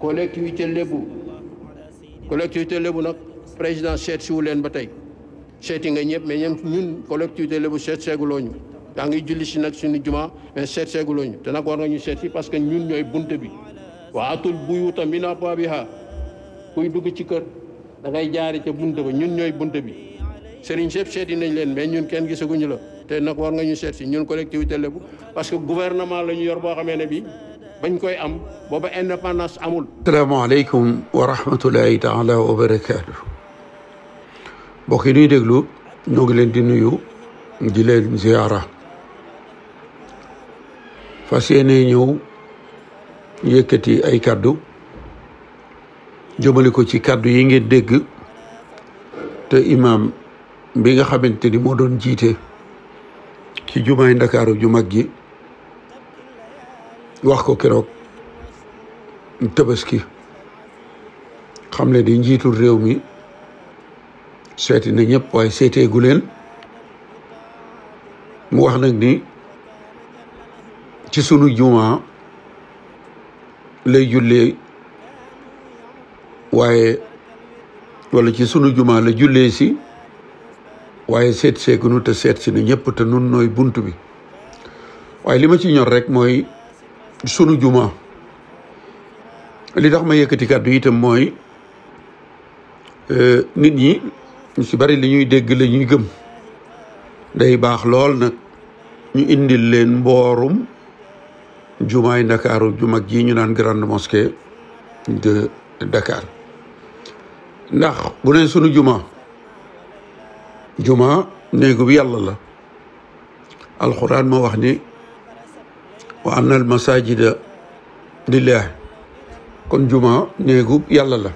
collectivité lébu collectivité lébu nag président seet siwu leen ba tey seeti nga ñëpp mais ñun collectivité lébu seet seeguloo ñu yaa ngi julli si nag suñu juma mais seet seeguloo ñu te ñu seet si parce que ñun ñooy bunt bi wa atul buyuuta min abwaabihaa kuy dugg ci kër da ngay jaari ca bunt ba ñun ñooy bunt bi sëriñ sëpp seeti nañ leen mais ñun kenn gisaguñu la te nag war nga ñu seet si ñun collectivité lébu parce que gouvernement la ñu yor boo xamee ne bi bañ koy am booba indépendance amul. asalaamaaleykum wa rahmatulahi taala wa barakaatu. mbokk yi ñuy déglu ñoo ngi leen di nuyu di leen ziyaara. fa yéene ñëw yëkkati ay kàddu jëmale ko ci kàddu yi ngeen dégg te imaam bi nga xamante ni moo doon jiite ci jumaay ndakaaru ju mag ji. wax ko keroog tabaski xam ne di njiitu réew mi seeti na ñëpp waaye seeteegu leen mu wax nag ni ci sunu jumaa lay jullee waaye wala ci sunu jumaa la jullee si waaye seet seegunu te seet si na ñëpp te nun nooy bunt bi waaye li ma ci ñor rek mooy sunu juma li tax ma yëkkati kàddu itam mooy euh, nit ñi ñu ci bari li ñuy dégg la ñuy gëm day baax lool nag ñu indil leen mboorum juma yi ndakaaru ju mag ji ñu naan grande mosquée de Dakar ndax bu ne sunu juma juma néegu bi yàlla la alxuraan moo wax ni wa anna al masajida lillah kon juma néegu yàlla la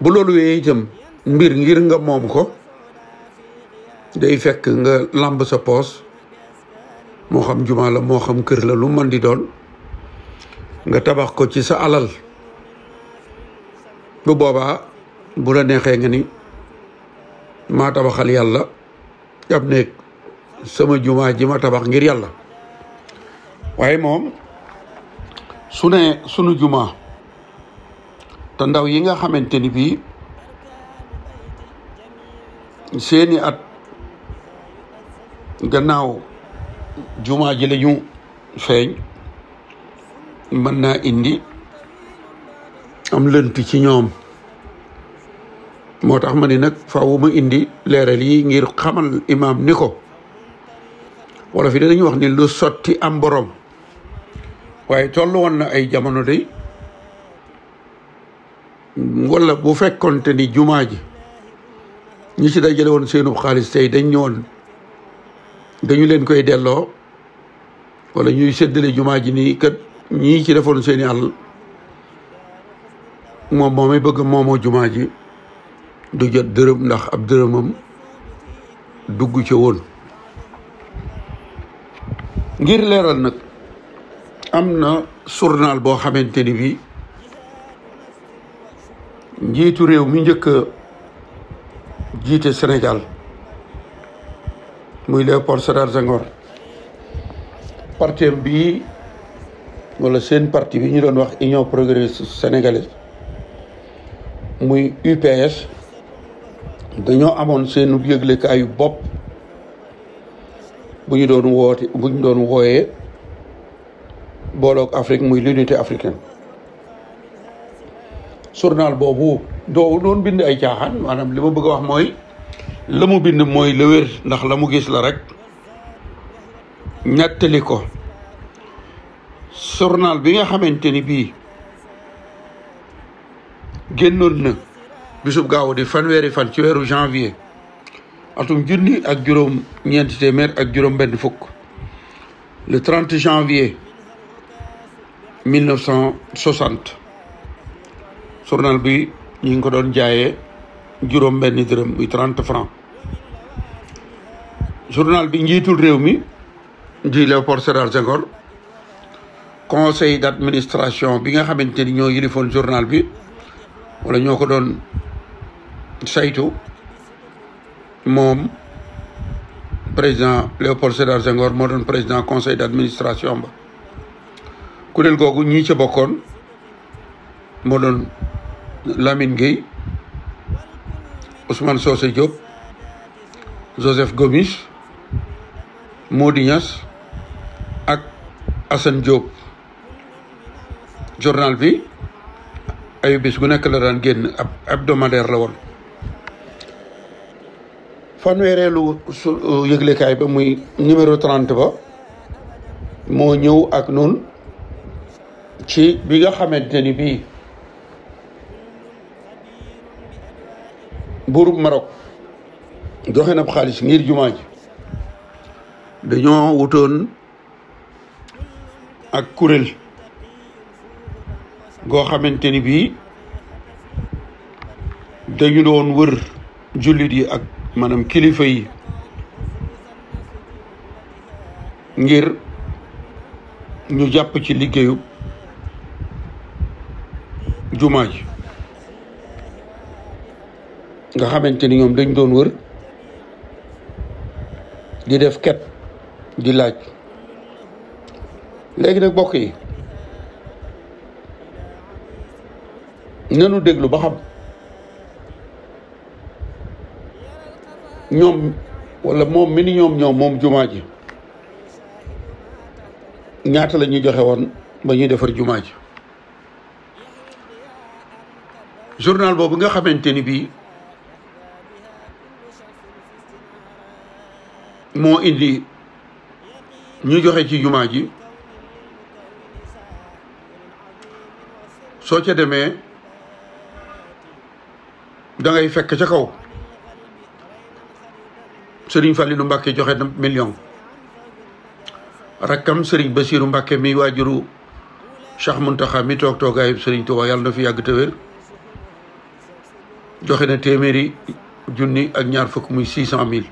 bu loolu wee itam mbir ngir nga moom ko day fekk nga làmb sa poos moo xam juma la moo xam kër la lu mën di doon nga tabax ko ci sa alal bu boobaa bu la neexee nga ni maa tabaxal yàlla ab néeg sama jumaa ji ma tabax ngir yàlla waaye moom su sunu jumaa te ndaw yi nga xamante ni bii seeni at gannaaw juma ji la feeñ mën naa indi am lënt ci ñoom moo tax ma ni nag faaw ma indi leeral yi ngir xamal imaam ni ko wala fi dañuy wax ni lu sotti am borom waaye tollu woon na ay jamono day wala bu fekkonte ni jumaa ji ñi ci dajale woon seenub xaalis tey dañ ñëwoon dañu leen koy delloo wala ñuy séddale jumaa ji nii kat ñii ci defoon seeni àll moom moomay bëgg moomoo jumaa ji du jot dërëm ndax ab dërëmam dugg ca woon ngir leeral nag am na journal boo xamante ni bi njiitu réew mi njëkk a jiite Sénégal muy Léopold Sédar Senghor parti bii wala seen partie bi ñu doon wax Union Progressiste Sénégalaise muy UPS dañoo amoon seenu yëglekaayu bopp bu ñu doon woote bu ñu doon wooyee booloog Afrique muy l'unité africaine journal boobu doo doon bind ay caaxaan maanaam li ma bëgg a wax mooy lamu bind mooy la ndax la mu gis la rek ñettali ko journal bi nga xamante ni bii génnoon na bisub gaaw di fanweeri fan ci weeru janvier atum junni ak juróom ñeenti téeméer ak juróom benn fukk le 30 janvier 1960 journal bi ñu ngi ko doon jaayee juróom benn dërëm muy 30 francs journal bi njiitul réew mi di Léopold Sédar Senghor conseil d'administration bi nga xamante ni ñoo yilifoon journal bi wala ñoo ko doon saytu moom président Léopold Sédar Senghor moo doon président conseil d'administration ba kuréel googu ñii ca bokkoon moo doon Lamine Gueye Ousmane Socé Diop Joseph Gomis Mody ak Assane Diop journal bi ayu bis gu nekk la daan génn ab hebdomadaire la woon fanweereelu yëglekaay ba muy numéro 30 ba moo ñëw ak noonu ci bi nga xamante ni bii buurub Maroc joxe na xaalis ngir jumaa dañoo wutoon ak kuréel goo xamante ni bii dañu doon wër jullit yi ak maanaam kilifa yi ngir ñu jàpp ci liggéeyu jumaa ji nga xamante ni ñoom dañ doon wër di def ket di laaj léegi nag bokk yi nanu déglu ba xam ñoom wala moom mi ni ñoom ñoom moom jumaa ji ñaata la ñuy joxe woon ba ñuy defar jumaa ji journal boobu nga xamante ni bii moo indi ñu joxe ci jumaa ji soo ca demee da ngay fekk ca kaw sëriñ Fallou Mbacké joxe na million rakkam sëriñ Bassirou Mbacké mi waajuru Cheikh Mountakha mi toog toogaayu sëriñ Touba yàlla na fi yàgg te wér joxe na téeméeri junni ak ñaar fukk muy six cent mille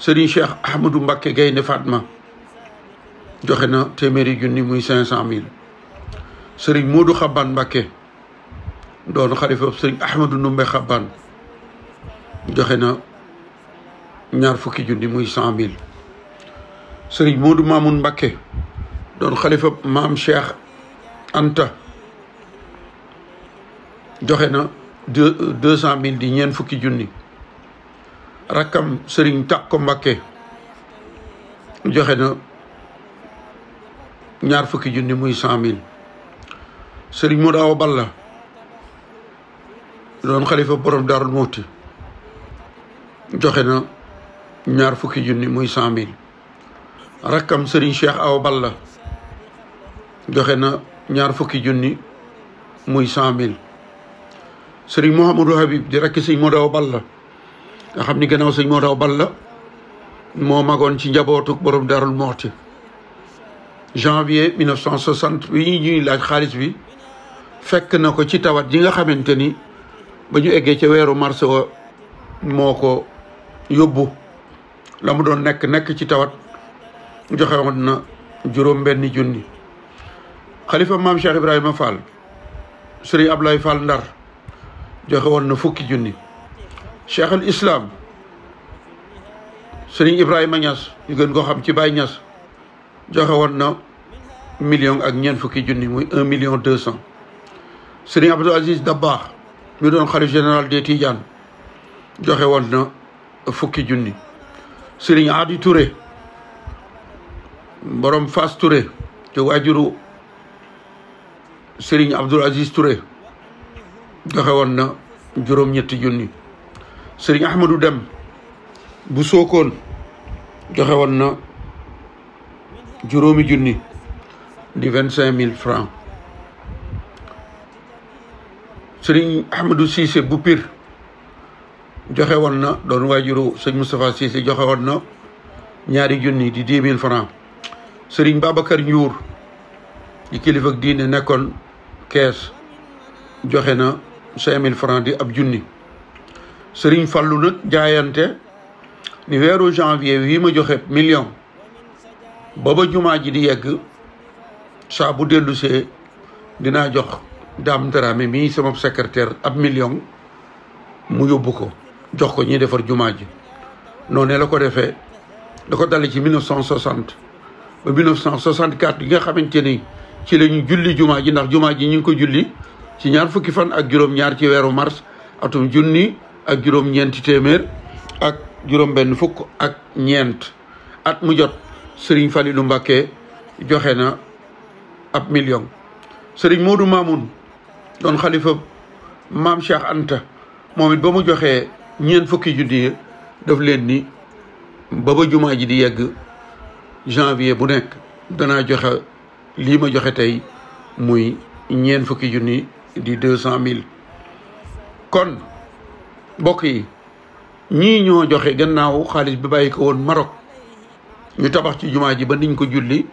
Serigne Cheikh Ahmadou Mbacké Gaynde Fatma joxe na téeméeri junni muy cinq cent mille Serigne Modou Xaban Mbacké doon xalifa Serigne Ahmadou Ndoumbé Xaban joxe na ñaar fukki junni muy cent mille Serigne Modou Mamoun Mbacké doon xalifa maam Cheikh Anta joxe na deux deux cent mille di ñeent fukki junni rakkam sëriñ Takko Mbakke joxe na ñaar fukki junni muy cent mille sëriñ mu bal la doon xalifa borom daarul muuti joxe na ñaar fukki junni muy cent mille rakkam sëriñ Cheikh bal la joxe na ñaar fukki junni muy cent mille sëriñ Mouhamadou Habib di rakk sëñ Modaw la nga xam ni gannaaw sëñ Modaw la moo magoon ci njabootuk borom Darou Mouhty janvier 1960 bi ñu ñuy laaj xaalis bi fekk na ko ci tawat ji nga xamante ni ba ñu eggee ca weeru mars wa moo ko yóbbu la mu doon nekk nekk ci tawat joxe na juróom benni junni xalifa maam Cheikh Ibrahima Fall sëriñ Ablaye Fall Ndar joxe woon na fukki junni cheikh al islam sëriñ Ibrahima Niass ñu gën ko xam ci Baye Niass joxe woon na million ak ñeent fukki junni muy un million deux cent sëriñ Abdou Aziz baax mi doon xalif général des Tidianes joxe woon na fukki junni sëriñ Adi Touré borom Fass Touré te waajuru sëriñ Abdoul Aziz Touré joxe woon na juróom-ñetti junni sëriñ Ahmadou Dem bu sookoon joxe woon na juróomi junni di vingt cinq mille francs sëriñ Ahmadou Cissé bu Pire joxe woon na doon waajuru sëñ Moustapha Cissé joxe woon na ñaari junni di dix mille francs sëriñ Babacar Ndiour di kilifa ak diine nekkoon kees joxe na cinq mille francs di ab junni Sëriñ Fallu nag jaayante ni weeru janvier wii ma joxe million booba jumaa ji di yegg saa bu dellusee dinaa jox Dame Dramé mii sama secrétaire ab million mu yóbbu ko jox ko ñuy defar jumaa ji noonu la ko defee da ko dale ci 1960 ba 1964 bi nga xamante ni ci la julli jumaa ji ndax jumaa ji ñu ngi ko julli ci ñaar fukki fan ak juróom-ñaar ci weeru mars atum junni ak juróom-ñeenti téeméer ak juróom-benn fukk ak ñeent at mu jot Serigne Falilou Mbacké joxe na ab million Serigne Modou Mamoun doon xalifa maam Cheikh Anta moom it ba mu joxee ñeent fukki junni daf leen ni ba ba jumaa ji di yegg janvier bu nekk danaa joxe lii ma joxe tey muy ñeent fukki junni di deux cent mille kon mbokk yi ñii ñoo joxe gannaaw xaalis bi bàyyi ko woon Maroc ñu tabax ci jumaa ji ba niñ ko julli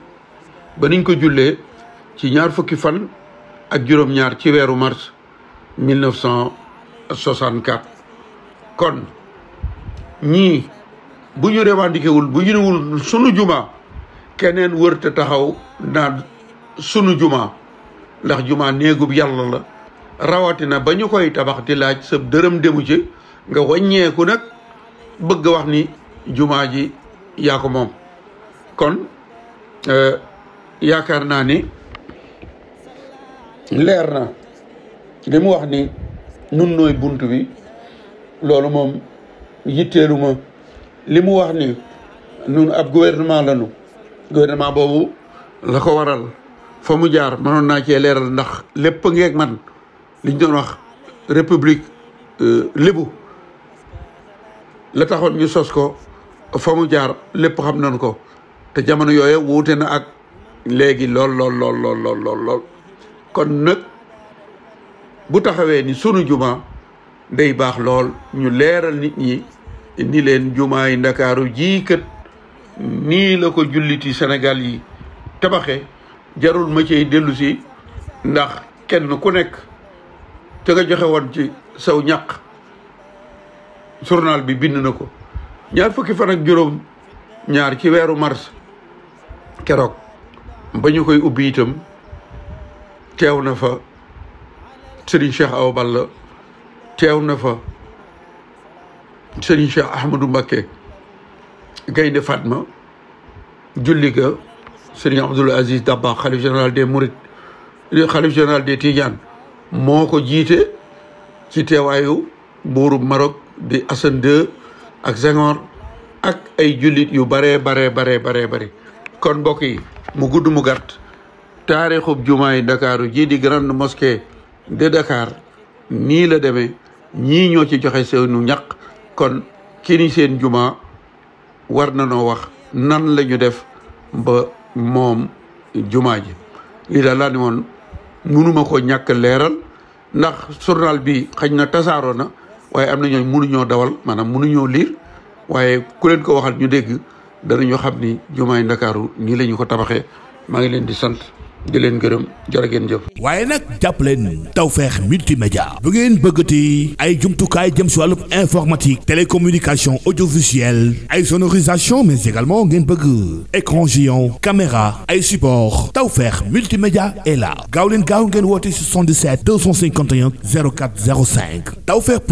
ba nuñ ko jullee ci ñaar fukki fan ak juróom-ñaar ci weeru mars 1964 kon ñii bu ñu revendiqué bu ñu sunu jumaa keneen wërta taxaw naan sunu jumaa ndax jumaa néegub yàlla la rawatina ba ñu koy tabax di laaj sa dërëm demu ci nga wàññeeku nag bëgg wax ni jumaa ji yaa ko moom kon euh, yaakaar naa ni leer na li mu wax ni nun nooy bunt bi loolu moom yitteelu ma li mu wax ni nun ab gouvernement lañu gouvernement boobu la ko waral fa mu jaar mënoon naa cee leeral ndax lépp ngeeg man liñ doon wax république euh, lébu la taxoon ñu sos ko fa mu jaar lépp xam nañ ko te jamono yooyu wuute na ak léegi lool lool lool lool kon nag bu taxawee ni sunu jumaa day baax lool ñu leeral nit ñi ni leen jumaa yi ndakaaru jii kët nii la ko julliti Sénégal yi tabaxe jarul ma ciy dellu si ndax kenn ku nekk te nga joxe woon ci sew ñàq journal bi bind na ko ñaar fukki fan ak juróom ñaar ci weeru mars keroog ba ñu koy ubbi itam teew na fa Serigne Cheikh Awa Balla teew na fa Serigne Cheikh Ahmadou Mbacké Gaynde Fatma julli ga Serigne Abdoul Aziz Dabakh xalif général des Mourides xalif général des Tidiane moo ko jiite ci teewaayu buurub Maroc di Hassan ak Senghor ak ay jullit yu baree baree baree baree kon mbokk yi mu gudd mu gàtt taarixub jumaay Ndakaaru jii di grande mosquée de Dakar nii la deme ñii ñoo ci joxe seenu ñaq kon kii ni seen juma warna na noo wax nan la ñu def moom jumaa ji lii daal laa ne woon mënuma ko ñàkk leeral ndax journal bi xañ na tasaaroo na waaye am na ñooñ mënuñoo dawal maanaam mënuñoo liir waaye ku leen ko waxal ñu dégg danañu xam ni jumaay ndakaaru nii lañu ko tabaxee maa ngi leen di sant di leen gërëm jërë geen jëf. waaye nag jàppaleen Tawfekh multimédia bu ngeen bëggati ay jumtukaay jëm si wàllu informatique télécommunication audiovisuelle ay sonorisation mais également ngeen bëgg écran géant caméra ay support Tawfekh multimédia est la gaaw leen gaaw ngeen woote 77 251 04 05 Tawfekh